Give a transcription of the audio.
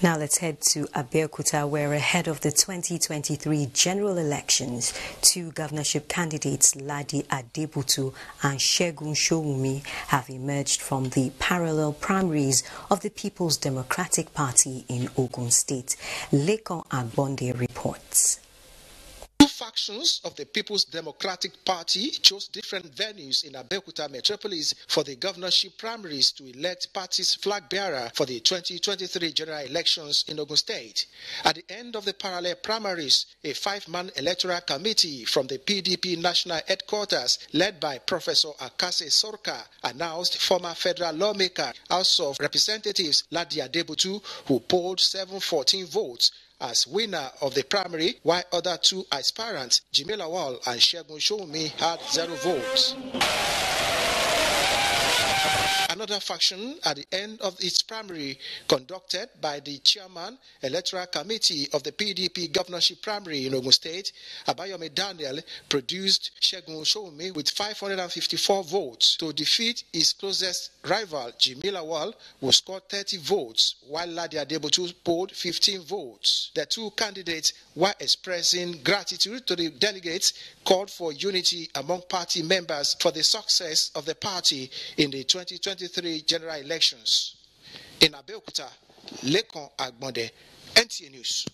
Now let's head to Abeokuta, where ahead of the 2023 general elections, two governorship candidates, Ladi Adebutu and Shegun Shogumi, have emerged from the parallel primaries of the People's Democratic Party in Ogun State. Lekon Agbonde reports factions of the People's Democratic Party chose different venues in Abeokuta metropolis for the governorship primaries to elect party's flag bearer for the 2023 general elections in Ogun State. At the end of the parallel primaries, a five-man electoral committee from the PDP national headquarters led by Professor Akase Sorka announced former federal lawmaker House of Representatives Ladia Debutu who polled 714 votes as winner of the primary, while other two aspirants, Jimmy Lawal and Shegun Shoumi, had zero votes another faction at the end of its primary conducted by the chairman electoral committee of the PDP governorship primary in Ogun State, Abayomi Daniel, produced Shegun Shoumi with 554 votes to defeat his closest rival, Jimila Lawal, who scored 30 votes, while Ladia Debotu polled 15 votes. The two candidates were expressing gratitude to the delegates called for unity among party members for the success of the party in the 2020 2023 general elections in Abeokuta, Lekan Agbonde, NTA News.